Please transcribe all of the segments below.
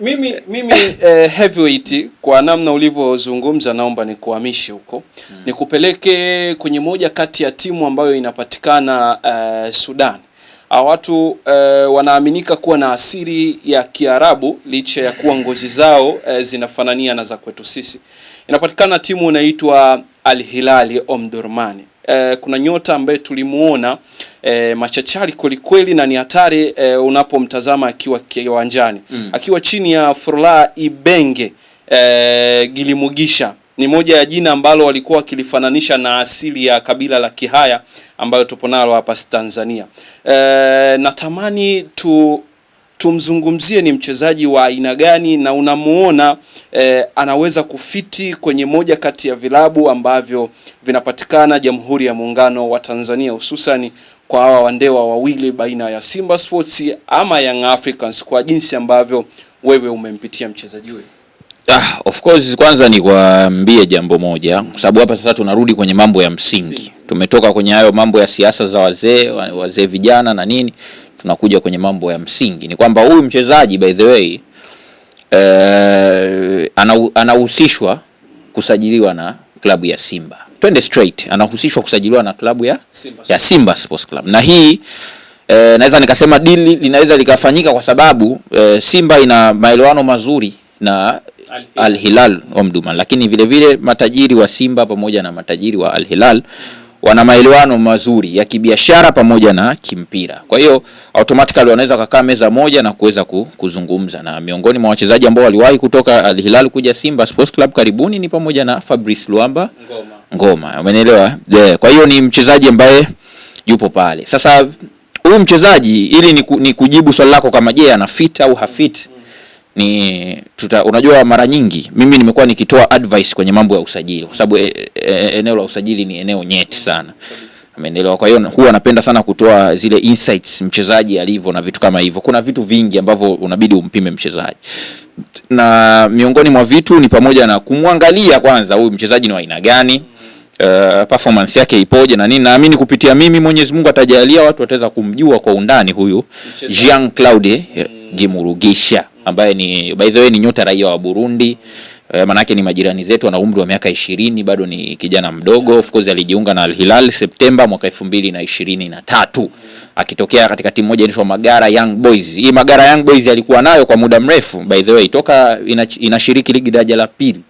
mimi, mimi, eh, Heavyweight kwa namna ulivyozungumza, naomba nikuhamishe huko hmm. nikupeleke kwenye moja kati ya timu ambayo inapatikana eh, Sudan. a watu eh, wanaaminika kuwa na asili ya Kiarabu licha ya kuwa ngozi zao eh, zinafanania na za kwetu sisi. Inapatikana timu inaitwa Al Hilali Omdurmani eh, kuna nyota ambaye tulimuona eh, machachari kwelikweli na ni hatari eh, unapomtazama akiwa kiwanjani mm. akiwa chini ya Furla Ibenge eh, Gilimugisha ni moja ya jina ambalo walikuwa wakilifananisha na asili ya kabila la Kihaya ambayo tupo nalo hapa Tanzania. E, natamani tu tumzungumzie ni mchezaji wa aina gani na unamuona eh, anaweza kufiti kwenye moja kati ya vilabu ambavyo vinapatikana Jamhuri ya Muungano wa Tanzania hususani kwa hawa wandewa wawili baina ya Simba Sports ama Young Africans kwa jinsi ambavyo wewe umempitia mchezaji huyo? Ah, of course kwanza ni kuambie jambo moja kwa sababu hapa sasa tunarudi kwenye mambo ya msingi. Tumetoka kwenye hayo mambo ya siasa za wazee, wazee vijana na nini tunakuja kwenye mambo ya msingi, ni kwamba huyu mchezaji by the way eh, anahusishwa kusajiliwa na klabu ya Simba. Twende straight, anahusishwa kusajiliwa na klabu ya Simba, ya Simba Sports Club na hii eh, naweza nikasema dili linaweza likafanyika kwa sababu eh, Simba ina maelewano mazuri na Al Hilal Omdurman, lakini vile vile matajiri wa Simba pamoja na matajiri wa Al Hilal wana maelewano mazuri ya kibiashara pamoja na kimpira. Kwa hiyo automatically wanaweza kukaa meza moja na kuweza kuzungumza. Na miongoni mwa wachezaji ambao waliwahi kutoka Al Hilal kuja Simba Sports Club karibuni ni pamoja na Fabrice Luamba Ngoma. Ngoma, umeelewa? Yeah. Kwa hiyo ni mchezaji ambaye yupo pale. Sasa huyu mchezaji ili ni, ku, ni kujibu swali lako kama je, ana fit au hafit ni tuta, unajua mara nyingi mimi nimekuwa nikitoa advice kwenye mambo ya usajili, kwa sababu e, e, eneo la usajili ni eneo nyeti sana, ameendelewa Kwa hiyo huwa anapenda sana kutoa zile insights mchezaji alivyo na vitu kama hivyo. Kuna vitu vingi ambavyo unabidi umpime mchezaji, na miongoni mwa vitu ni pamoja na kumwangalia kwanza, huyu mchezaji ni wa aina gani, Uh, performance yake ipoje na nini. Naamini kupitia mimi Mwenyezi Mungu atajalia watu wataweza kumjua kwa undani huyu Jean Claude mm. Gimurugisha ambaye ni by the way ni nyota raia wa Burundi e, manake ni majirani zetu, ana umri wa miaka ishirini, bado ni kijana mdogo. Of course alijiunga na Al Hilal Septemba mwaka elfu mbili na ishirini na tatu akitokea katika timu moja inaitwa Magara Young Boys. Hii Magara Young Boys alikuwa nayo kwa muda mrefu by the way toka inashiriki ligi daraja la pili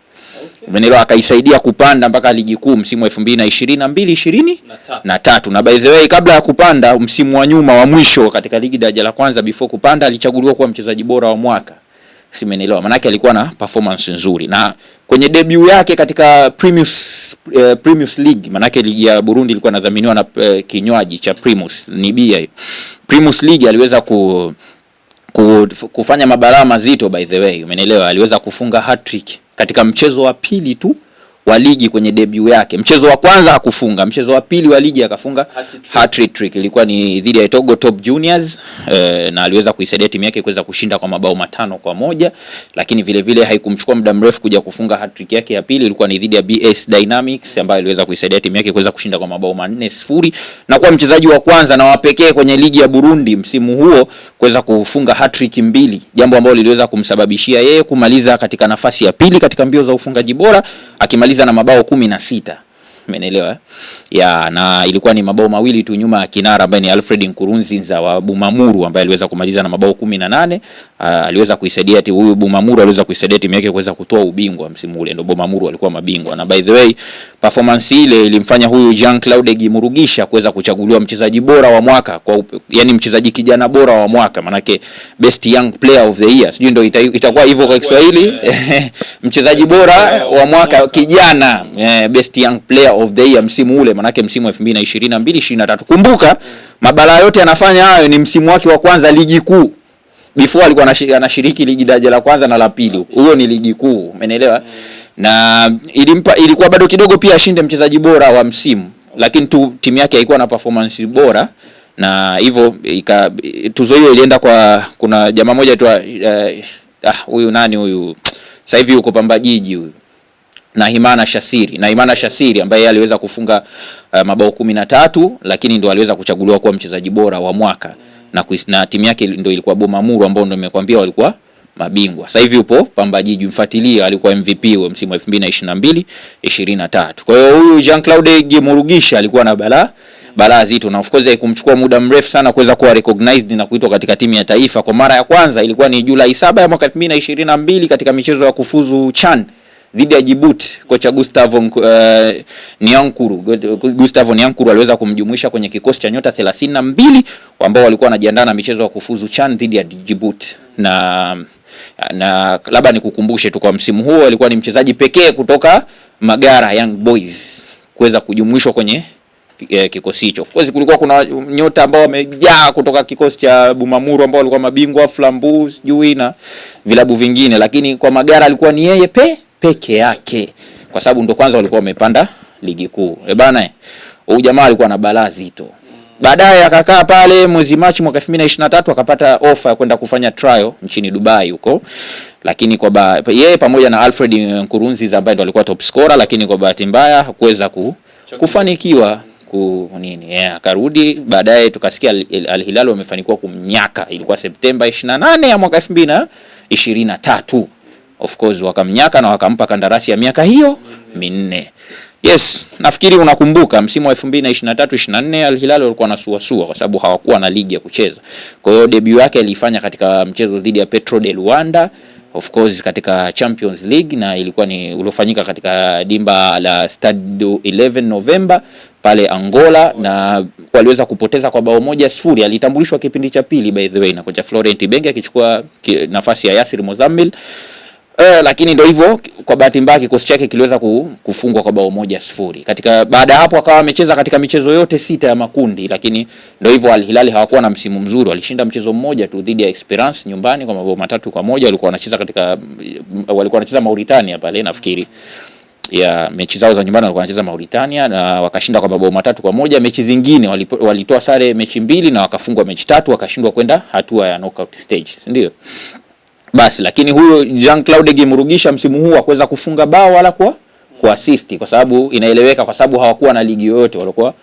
Umeelewa? Akaisaidia kupanda mpaka ligi kuu msimu wa 2022 ishirini na tatu. Na by the way, kabla ya kupanda msimu wa nyuma wa mwisho katika ligi daraja la kwanza, before kupanda, alichaguliwa kuwa mchezaji bora wa mwaka, si umeelewa? Manake alikuwa na performance nzuri, na kwenye debut yake katika Primus, eh, Primus League, manake ligi ya Burundi ilikuwa inadhaminiwa na eh, kinywaji cha Primus ni bia hiyo. Primus League aliweza ku kufanya mabaraa mazito by the way, umenielewa. Aliweza kufunga hat-trick katika mchezo wa pili tu wa ligi kwenye debut yake. Mchezo wa kwanza hakufunga, mchezo wa pili wa ligi akafunga hat trick, Hat-trick ilikuwa ni dhidi ya Togo Top Juniors e, na aliweza kuisaidia timu yake kuweza kushinda kwa mabao matano kwa moja, lakini vile vile haikumchukua muda mrefu kuja kufunga hat trick yake ya pili, ilikuwa ni dhidi ya BS Dynamics ambayo aliweza kuisaidia timu yake kuweza kushinda kwa mabao manne sifuri na kuwa mchezaji wa kwanza na wa pekee kwenye ligi ya Burundi msimu huo kuweza kufunga hat trick mbili, jambo ambalo liliweza kumsababishia yeye kumaliza katika nafasi ya pili katika mbio za ufungaji bora akimaliza Giza na mabao kumi na sita menelewa eh? Ya na ilikuwa ni mabao mawili tu nyuma ya kinara ambaye ni Alfred Nkurunziza wa Bumamuru ambaye aliweza kumaliza na mabao kumi na nane uh, aliweza kuisaidia timu huyu Bumamuru aliweza kuisaidia timu yake kuweza kutoa ubingwa msimu ule, ndio Bumamuru alikuwa mabingwa. Na by the way, performance ile ilimfanya huyu Jean Claude Gimurugisha kuweza kuchaguliwa mchezaji bora wa mwaka kwa yani, mchezaji kijana bora wa mwaka, manake best young player of the year, sijui ndio itakuwa hivyo kwa Kiswahili mchezaji bora wa mwaka kijana, eh, best young player of the year msimu ule, manake msimu 2022 23. Kumbuka mabala yote anafanya hayo ni msimu wake wa kwanza ligi kuu before alikuwa anashiriki ligi daraja la kwanza na la pili, huyo ni ligi kuu, umeelewa? Mm. Na ilimpa ilikuwa bado kidogo pia ashinde mchezaji bora wa msimu, lakini tu timu yake haikuwa na performance bora na hivyo tuzo hiyo ilienda kwa kuna jamaa moja tu eh, ah huyu, uh, nani huyu sasa hivi yuko Pamba Jiji huyu na Himana Shasiri na Himana Shasiri ambaye aliweza kufunga uh, mabao kumi na tatu, lakini ndo aliweza kuchaguliwa kuwa mchezaji bora wa mwaka na, na timu yake ndio ilikuwa Bomamuru ambao ndio nimekwambia walikuwa mabingwa. Sasa hivi upo Pamba Jiji, mfuatilie, alikuwa MVP wa msimu wa 2022 23. Kwa hiyo huyu Jean Claude Murugisha alikuwa na balaa balaa zito na of course haikumchukua muda mrefu sana kuweza kuwa recognized na kuitwa katika timu ya taifa. Kwa mara ya kwanza ilikuwa ni Julai 7 ya mwaka 2022 katika michezo ya kufuzu CHAN dhidi ya Djibouti, kocha Gustavo uh, Gustavo Niankuru aliweza kumjumuisha kwenye kikosi cha nyota 32 ambao walikuwa wanajiandaa na michezo ya kufuzu CHAN dhidi ya Djibouti na na labda nikukumbushe tu kwa msimu huo alikuwa ni mchezaji pekee kutoka Magara Young Boys kuweza kujumuishwa kwenye e, kikosi hicho. Of course kulikuwa kuna nyota ambao wamejaa kutoka kikosi cha Bumamuru ambao walikuwa mabingwa Flambu sijui na vilabu vingine, lakini kwa Magara alikuwa ni yeye pekee peke yake, kwa sababu ndo kwanza walikuwa wamepanda ligi kuu. e bana, huyu jamaa alikuwa na balaa zito. Baadaye akakaa pale mwezi Machi mwaka 2023 akapata ofa ya kwenda kufanya trial nchini Dubai huko, lakini kwa yeye pamoja na Alfred kurunzi ambaye ndo alikuwa top scorer, lakini kwa bahati mbaya hakuweza ku... kufanikiwa ku nini yeah, akarudi baadaye, tukasikia Al al wamefanikiwa kumnyaka. Ilikuwa Septemba 28 ya mwaka 2023. Of course wakamnyaka na wakampa kandarasi ya miaka hiyo minne. Yes, nafikiri unakumbuka msimu wa 2023 24 Al Hilal walikuwa na suasua sua, kwa sababu hawakuwa na ligi ya kucheza. Kwa hiyo debut yake alifanya katika mchezo dhidi ya Petro de Luanda, of course katika Champions League na ilikuwa ni uliofanyika katika dimba la Stadio 11 Novemba pale Angola na waliweza kupoteza kwa bao moja sifuri. Alitambulishwa kipindi cha pili by the way na kocha Florent benge akichukua nafasi ya Yasir Mozamil. Eh, lakini ndio hivyo, kwa bahati mbaya kikosi chake kiliweza kufungwa kwa bao moja sifuri. Katika baada ya hapo akawa amecheza katika michezo yote sita ya makundi, lakini ndio hivyo, Al Hilal hawakuwa na msimu mzuri, walishinda mchezo mmoja tu dhidi ya Esperance nyumbani kwa mabao matatu kwa moja. Walikuwa wanacheza katika walikuwa wanacheza Mauritania pale nafikiri ya mechi zao za nyumbani walikuwa wanacheza Mauritania na wakashinda kwa mabao matatu kwa moja. Mechi zingine walitoa sare mechi mbili na wakafungwa mechi tatu, wakashindwa kwenda hatua ya knockout stage, ndio? basi, lakini huyo Jean Claude ingemrudisha msimu huu akuweza kufunga bao wala kwa kuasisti, kwa sababu inaeleweka, kwa sababu hawakuwa na ligi yoyote walikuwa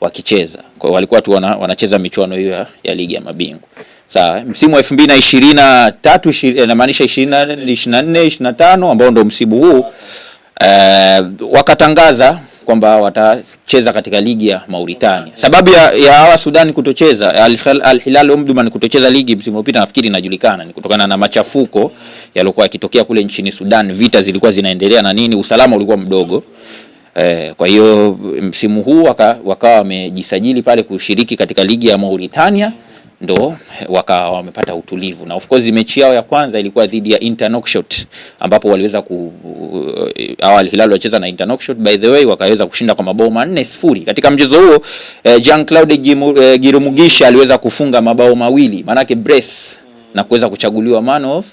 wakicheza, kwa walikuwa tu wana, wanacheza michuano hiyo ya, ya ligi ya mabingwa. Sawa, msimu wa 2023 eh, inamaanisha 24 25 ambao ndio msimu huu uh, wakatangaza kwamba watacheza katika ligi ya Mauritania. Sababu ya, ya hawa Sudan kutocheza Al Hilal Omdurman kutocheza ligi msimu uliopita nafikiri inajulikana ni kutokana na machafuko yaliokuwa yakitokea kule nchini Sudan, vita zilikuwa zinaendelea na nini, usalama ulikuwa mdogo. Eh, kwa hiyo msimu huu wakawa wamejisajili pale kushiriki katika ligi ya Mauritania ndo wakawa wamepata utulivu, na of course mechi yao ya kwanza ilikuwa dhidi ya Inter Knockshot ambapo waliweza ku uh, eh, Al Hilal walicheza na Inter Knockshot by the way wakaweza kushinda kwa mabao manne sifuri katika mchezo huo. Eh, Jean Claude eh, Girumugisha aliweza kufunga mabao mawili manake brace na kuweza kuchaguliwa man of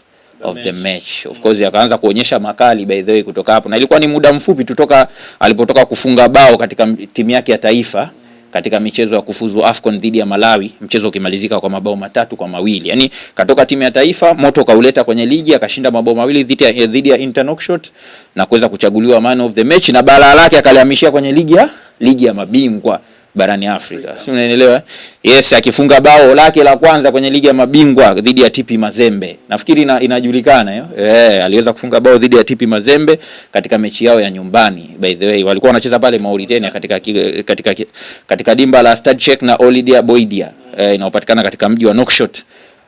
of the match of course, akaanza kuonyesha makali by the way kutoka hapo, na ilikuwa ni muda mfupi tutoka alipotoka kufunga bao katika timu yake ya taifa katika michezo ya kufuzu AFCON dhidi ya Malawi, mchezo ukimalizika kwa mabao matatu kwa mawili. Yani katoka timu ya taifa, moto kauleta kwenye ligi, akashinda mabao mawili dhidi ya eh, Internockshot na kuweza kuchaguliwa man of the match, na balaa lake akalihamishia kwenye ligi ya ligi ya mabingwa barani Afrika, si unaelewa? Eh? Yes, akifunga bao lake la kwanza kwenye ligi ya mabingwa dhidi ya TP Mazembe, nafikiri ina, inajulikana hiyo eh? eh, aliweza kufunga bao dhidi ya TP Mazembe katika mechi yao ya nyumbani. By the way, walikuwa wanacheza pale Mauritania katika katika katika dimba la Stade Cheikh na Olidia Boidia eh, inaopatikana katika mji wa Nokshot.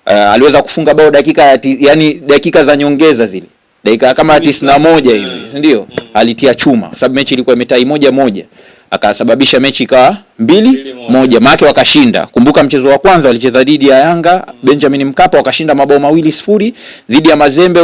Uh, eh, aliweza kufunga bao dakika ya yani dakika za nyongeza zile dakika kama 91 hivi, si ndio? Mm. Alitia chuma sababu mechi ilikuwa imetai moja moja akasababisha mechi ikawa mbili moja, maana wakashinda. Kumbuka mchezo wa kwanza walicheza dhidi ya Yanga mm. Benjamin Mkapa, wakashinda mabao mawili sifuri. Dhidi ya Mazembe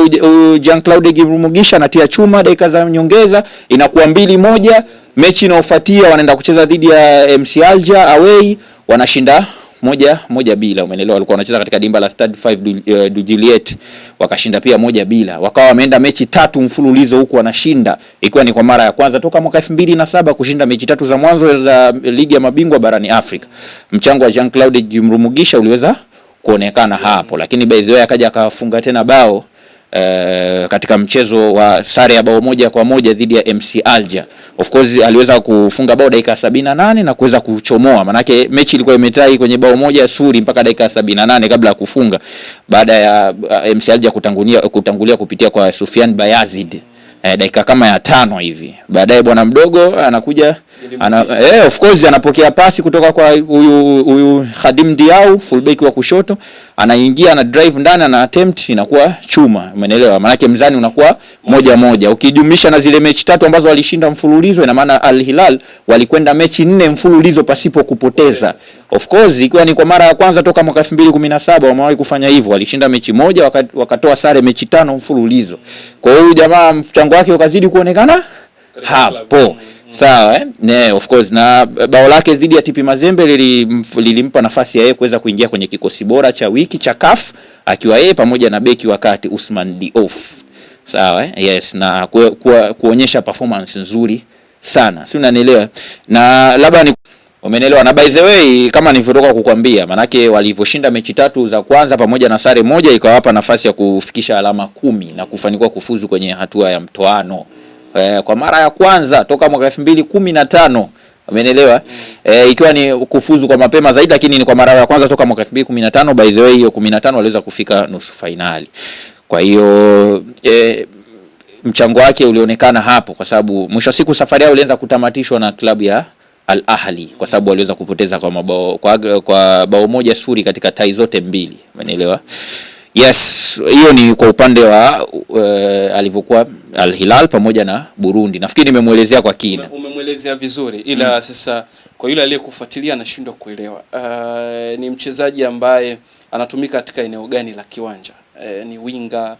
Jean Claude Gimrumugisha na tia chuma dakika za nyongeza, inakuwa mbili moja. Mechi inayofuatia wanaenda kucheza dhidi ya MC Alger away, wanashinda moja moja bila, umeelewa. Walikuwa wanacheza katika dimba la Stade 5 eh, du Juliet, wakashinda pia moja bila, wakawa wameenda mechi tatu mfululizo huku wanashinda, ikiwa ni kwa mara ya kwanza toka mwaka saba kushinda mechi tatu za mwanzo za ligi ya mabingwa barani Afrika. Mchango wa Jean Claude Jimrumugisha uliweza kuonekana hapo, lakini by the way akaja akafunga tena bao uh, katika mchezo wa sare ya bao moja kwa moja dhidi ya MC Alger. Of course aliweza kufunga bao dakika 78 na kuweza kuchomoa, manake mechi ilikuwa imetai kwenye bao moja suri mpaka dakika nane kabla ya kufunga, baada ya eh, MC Alger kutangulia, kutangulia kupitia kwa Sufian Bayazid eh, dakika kama ya tano hivi. Baadaye bwana mdogo anakuja ana, eh, of course anapokea pasi kutoka kwa huyu huyu Khadim Diaw fullback wa kushoto, anaingia ana drive ndani ana attempt inakuwa chuma. Umeelewa? Maana yake mzani unakuwa moja moja. Ukijumlisha na zile mechi tatu ambazo walishinda mfululizo, ina maana Al Hilal walikwenda mechi nne mfululizo pasipo kupoteza. Of course ikiwa ni kwa mara ya kwanza toka mwaka 2017 wamewahi kufanya hivyo, walishinda mechi moja wakatoa sare mechi tano mfululizo. Kwa hiyo huyu jamaa mchango wake ukazidi kuonekana hapo. Sawa eh? Ne, of course na bao lake dhidi ya TP Mazembe lilimpa lili nafasi ya yeye kuweza kuingia kwenye kikosi bora cha wiki cha CAF akiwa yeye pamoja na beki wakati Usman Diouf. Sawa eh? Yes, na ku, ku, kuonyesha performance nzuri sana. Si unanielewa? Na labda ni Umenelewa. Na by the way, kama nilivyotoka kukwambia, manake walivyoshinda mechi tatu za kwanza pamoja na sare moja ikawapa nafasi ya kufikisha alama kumi na kufanikiwa kufuzu kwenye hatua ya mtoano e, kwa mara ya kwanza toka mwaka elfu mbili kumi na tano umenelewa mm. e, eh, ikiwa ni kufuzu kwa mapema zaidi, lakini ni kwa mara ya kwanza toka mwaka elfu mbili kumi na tano By the way, hiyo kumi na tano waliweza kufika nusu fainali, kwa hiyo e, mchango wake ulionekana hapo, kwa sababu mwisho wa siku safari yao ilianza kutamatishwa na klabu ya Al Ahli kwa sababu waliweza kupoteza kwa mabao kwa, kwa bao moja suri katika tai zote mbili, umeelewa? Yes, hiyo ni kwa upande wa uh, alivyokuwa Al Hilal pamoja na Burundi. Nafikiri nimemuelezea kwa kina. Umemuelezea vizuri ila mm. Sasa kwa yule aliyekufuatilia anashindwa kuelewa uh, ni mchezaji ambaye anatumika katika eneo gani la kiwanja uh, ni winga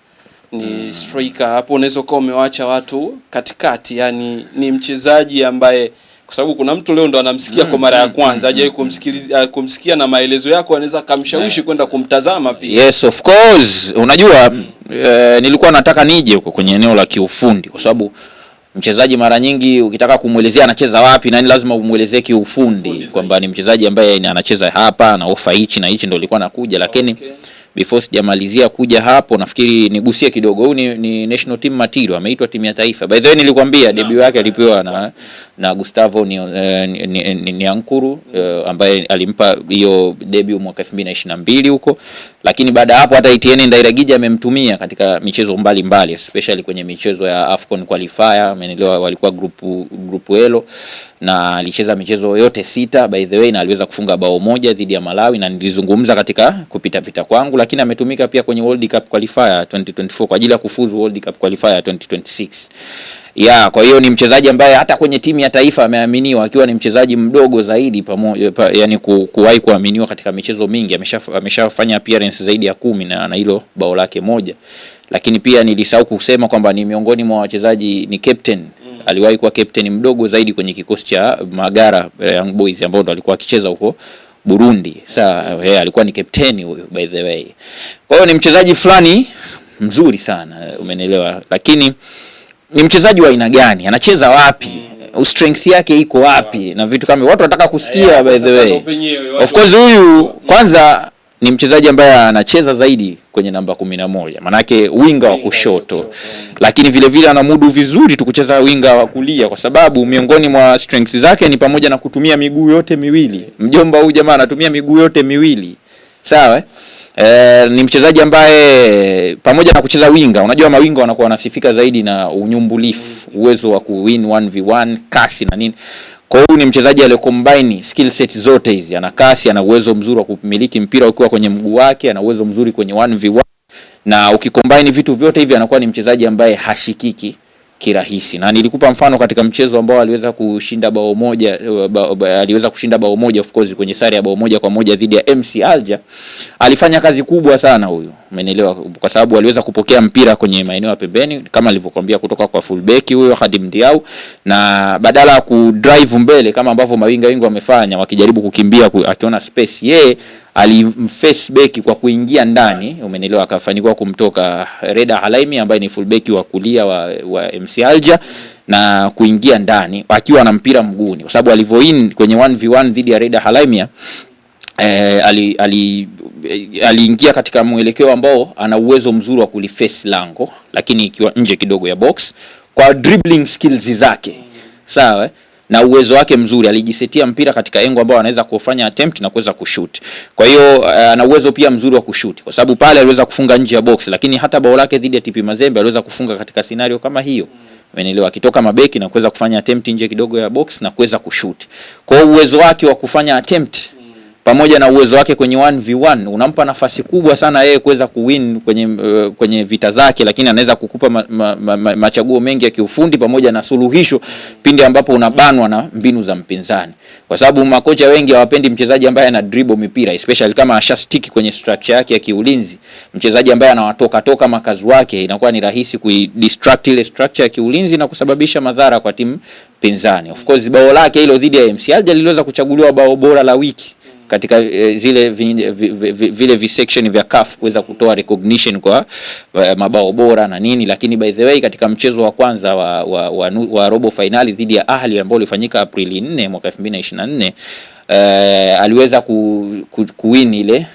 ni mm. striker hapo unaweza ukawa umewacha watu katikati, yani ni mchezaji ambaye kwa sababu kuna mtu leo ndo anamsikia mm, kwa mara ya mm, kwanza mm, mm, kumsikiliza ah, kumsikia na maelezo yako anaweza kamshawishi yeah, kwenda kumtazama pia. Yes, of course. Unajua mm, eh, nilikuwa nataka nije huko kwenye eneo la kiufundi kwa sababu mchezaji mara nyingi ukitaka kumwelezea anacheza wapi na ni lazima umwelezee kiufundi kwamba ni mchezaji ambaye anacheza hapa na ofa hichi na hichi, ndo ilikuwa nakuja lakini okay before sijamalizia kuja hapo, nafikiri nigusie kidogo. huu ni, ni national team material, ameitwa timu ya taifa. By the way, nilikwambia debut yake alipewa na na Gustavo ni, uh, ni, ni, ni Ankuru uh, eh, ambaye alimpa hiyo debut mwaka 2022 huko, lakini baada hapo hata e Ndaira Gija amemtumia katika michezo mbalimbali mbali, especially kwenye michezo ya Afcon qualifier, amenielewa, walikuwa group group elo na alicheza michezo yote sita by the way, na aliweza kufunga bao moja dhidi ya Malawi, na nilizungumza katika kupita vita kwangu, lakini ametumika pia kwenye World Cup qualifier 2024 kwa ajili ya kufuzu World Cup qualifier 2026 ya kwa hiyo ni mchezaji ambaye hata kwenye timu ya taifa ameaminiwa akiwa ni mchezaji mdogo zaidi pamoja pa, yani ku, kuwahi kuaminiwa katika michezo mingi. Ameshafanya appearance zaidi ya kumi na na hilo bao lake moja, lakini pia nilisahau kusema kwamba ni miongoni mwa wachezaji ni captain aliwahi kuwa captain mdogo zaidi kwenye kikosi cha Magara eh, Young Boys ambao ndo alikuwa akicheza huko Burundi. Sasa yeye eh, alikuwa ni captain huyo by the way. Kwa hiyo ni mchezaji fulani mzuri sana, umenielewa? Lakini ni mchezaji wa aina gani? Anacheza wapi? strength yake iko wapi? Na vitu kama watu wanataka kusikia by the way. Of course huyu mm. kwanza ni mchezaji ambaye anacheza zaidi kwenye namba kumi na moja manake winga wa kushoto, lakini vilevile anamudu vizuri tu kucheza winga wa kulia, kwa sababu miongoni mwa strength zake ni pamoja na kutumia miguu yote miwili. Mjomba huyu jamaa anatumia miguu yote miwili sawa. E, ni mchezaji ambaye pamoja na kucheza winga, unajua mawinga wanakuwa wanasifika zaidi na unyumbulifu, uwezo wa kuwin 1v1 kasi na nini kwa huyu ni mchezaji aliyocombine skill set zote hizi, ana kasi, ana uwezo mzuri wa kumiliki mpira ukiwa kwenye mguu wake, ana uwezo mzuri kwenye 1v1 na ukikombine vitu vyote hivi anakuwa ni mchezaji ambaye hashikiki kirahisi, na nilikupa mfano katika mchezo ambao aliweza kushinda bao moja, eh, ba, ba, aliweza kushinda bao moja of course kwenye sare ya bao moja kwa moja dhidi ya MC Alger. Alifanya kazi kubwa sana huyu, umeelewa, kwa sababu aliweza kupokea mpira kwenye maeneo ya pembeni kama alivyokuambia kutoka kwa fullback huyo Khadim Diaw, na badala ya kudrive mbele kama ambavyo mawinga wengi wamefanya wakijaribu kukimbia, akiona space yeye alimface kwa kuingia ndani, umenelewa akafanikiwa kumtoka Reda Halaimi ambaye ni fullback wa kulia wa, wa MC alja na kuingia ndani akiwa na mpira mguuni, kwa sababu alivyoin kwenye 1v1 dhidi ya Reda Halaimi eh, ali, ali eh, aliingia katika mwelekeo ambao ana uwezo mzuri wa kuliface lango, lakini ikiwa nje kidogo ya box kwa dribbling skills zake, sawa eh? na uwezo wake mzuri, alijisetia mpira katika engo ambao anaweza kufanya attempt na kuweza kushoot. Kwa hiyo eh, ana uwezo pia mzuri wa kushoot, kwa sababu pale aliweza kufunga nje ya box, lakini hata bao lake dhidi ya TP Mazembe aliweza kufunga katika scenario kama hiyo. Umeelewa, akitoka mabeki na kuweza kufanya attempt nje kidogo ya box na kuweza kushoot. Kwa hiyo uwezo wake wa kufanya attempt pamoja na uwezo wake kwenye 1v1 unampa nafasi kubwa sana yeye kuweza kuwin kwenye, uh, kwenye vita zake, lakini anaweza kukupa ma, ma, ma, ma, machaguo mengi ya kiufundi pamoja na suluhisho pindi ambapo unabanwa na mbinu za mpinzani, kwa sababu makocha wengi hawapendi mchezaji ambaye ana dribble mipira especially kama asha stick kwenye structure yake ya kiulinzi. Mchezaji ambaye anawatoka toka makazi wake, inakuwa ni rahisi kuidistract ile structure ya kiulinzi na kusababisha madhara kwa timu pinzani. Of course bao lake hilo dhidi ya MC Alger liliweza kuchaguliwa bao bora la wiki katika e, zile vi, vi, vi, vile visection vya CAF kuweza kutoa recognition kwa eh, mabao bora na nini, lakini by the way katika mchezo wa kwanza wa, wa, wa, wa robo finali dhidi ya Ahli ambao ulifanyika Aprili 4 mwaka 2024 e, eh, aliweza ku, ku, kuwin ile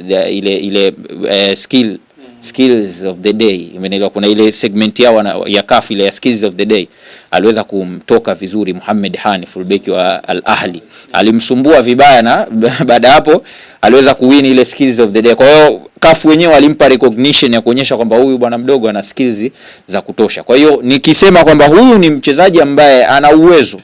ile, ile, ile uh, skill skills of the day, imenelewa Kuna ile segment yao ya CAF ile ya skills of the day, aliweza kumtoka vizuri muhamed Hani fullback wa Al Ahli, alimsumbua vibaya, na baada hapo aliweza kuwin ile skills of the day. Kwa hiyo kafu wenyewe walimpa recognition ya kuonyesha kwamba huyu bwana mdogo ana skills za kutosha. Kwa hiyo nikisema kwamba huyu ni mchezaji ambaye ana uwezo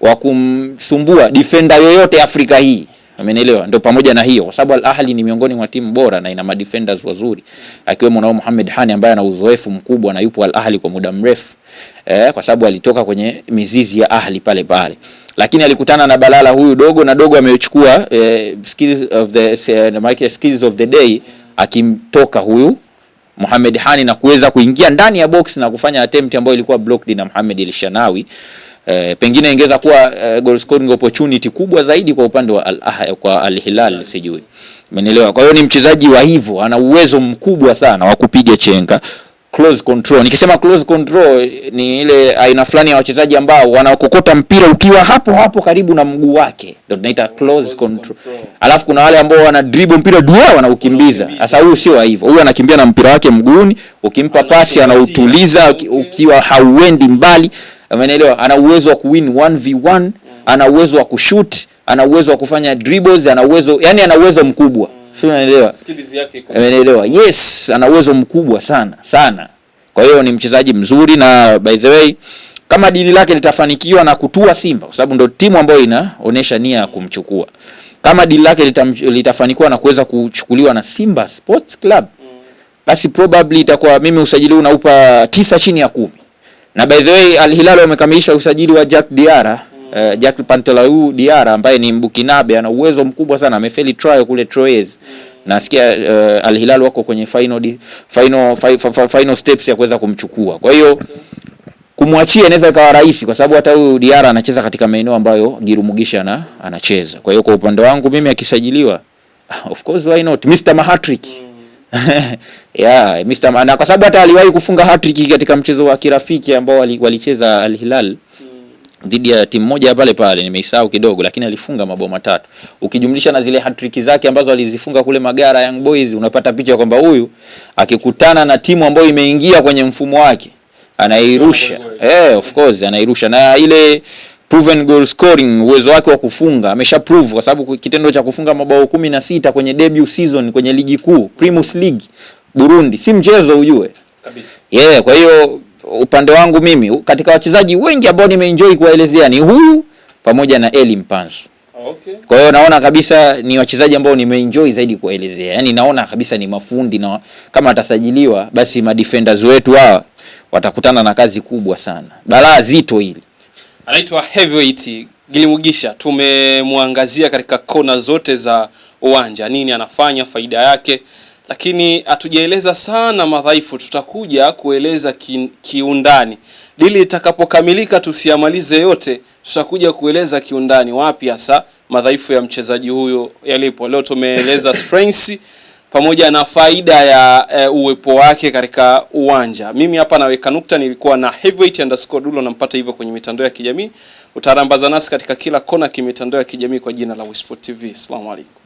wa kumsumbua defender yoyote Afrika hii Amenielewa? Ndio pamoja na hiyo, kwa sababu Al Ahli ni miongoni mwa timu bora na ina madefenders wazuri akiwemo nao Mohamed Hani ambaye ana uzoefu mkubwa na yupo Al Ahli kwa muda mrefu eh, kwa sababu alitoka kwenye mizizi ya Ahli pale pale, lakini alikutana na balala huyu dogo na dogo amechukua eh, skills of the uh, skills of the day akimtoka huyu Mohamed Hani na kuweza kuingia ndani ya box na kufanya attempt ambayo ilikuwa blocked na Mohamed Elshanawi Shanawi. E, pengine ingeweza kuwa e, goal scoring opportunity kubwa zaidi kwa upande wa Al ah, kwa Al Hilal, sijui umeelewa. Kwa hiyo ni mchezaji wa hivyo, ana uwezo mkubwa sana wa kupiga chenga close control. Nikisema close control ni ile aina fulani ya wachezaji ambao wanakokota mpira ukiwa hapo hapo karibu na mguu wake, ndio tunaita close control. Alafu kuna wale ambao wana dribble mpira dua wanaukimbiza. Sasa huyu sio hivyo, huyu anakimbia na mpira wake mguuni, ukimpa pasi anautuliza ukiwa hauendi mbali. Umeelewa? Ana uwezo wa kuwin 1v1, mm. ana uwezo wa kushoot, ana uwezo wa kufanya dribbles, ana uwezo, yani ana uwezo mkubwa. Mm. Sio, unaelewa? Skills yake iko. Umeelewa? Yes, ana uwezo mkubwa sana, sana. Kwa hiyo ni mchezaji mzuri na by the way kama dili lake litafanikiwa na kutua Simba kwa sababu ndio timu ambayo inaonesha nia ya kumchukua. Kama dili lake lita, litafanikiwa na kuweza kuchukuliwa na Simba Sports Club, mm. basi probably itakuwa mimi usajili huu naupa tisa chini ya kumi. Na by the way Al Hilal wamekamilisha usajili wa Jack Diara uh, mm. eh, Jack Pantelau Diara ambaye ni Mbukinabe, ana uwezo mkubwa sana, amefeli trial kule Troyes mm. Nasikia uh, eh, Al Hilal wako kwenye final di, final, fi, fi, final steps ya kuweza kumchukua. Kwa hiyo Kumwachia inaweza ikawa rahisi kwa sababu hata huyu diara anacheza katika maeneo ambayo Girumugisha na anacheza. Kwa hiyo kwa upande wangu mimi akisajiliwa, ah, of course why not Mr Mahatrick mm. yeah, Mr. Maana kwa sababu hata aliwahi kufunga hat-trick katika mchezo wa kirafiki ambao walicheza Al Hilal mm. dhidi ya timu moja pale pale, nimeisahau kidogo, lakini alifunga mabao matatu. Ukijumlisha na zile hat-trick zake ambazo alizifunga kule Magara Young Boys, unapata picha kwamba huyu akikutana na timu ambayo imeingia kwenye mfumo wake anairusha. Eh, yeah, of course anairusha na ile proven goal scoring, uwezo wake wa kufunga amesha prove, kwa sababu kitendo cha kufunga mabao kumi na sita kwenye debut season kwenye ligi kuu Primus League Burundi si mchezo ujue kabisa. Yeah, kwa hiyo upande wangu mimi katika wachezaji wengi ambao nimeenjoy kuwaelezea ni huyu pamoja na Eli Mpanzu. Okay. Kwa hiyo naona kabisa ni wachezaji ambao nimeenjoy zaidi kuwaelezea. Yaani naona kabisa ni mafundi na kama atasajiliwa basi madefenders wetu hawa watakutana na kazi kubwa sana. Balaa zito hili. Anaitwa Heavyweight Gilimugisha. Tumemwangazia katika kona zote za uwanja, nini anafanya, faida yake, lakini hatujaeleza sana madhaifu. Tutakuja kueleza ki, kiundani dili itakapokamilika, tusiamalize yote, tutakuja kueleza kiundani wapi hasa madhaifu ya mchezaji huyo yalipo. Leo tumeeleza strengths pamoja na faida ya e, uwepo wake katika uwanja. Mimi hapa naweka nukta, nilikuwa na Heavyweight underscore Dulo, nampata hivyo kwenye mitandao ya kijamii. Utarambaza nasi katika kila kona kimitandao ya kijamii kwa jina la Wisport TV. Asalamu alaykum.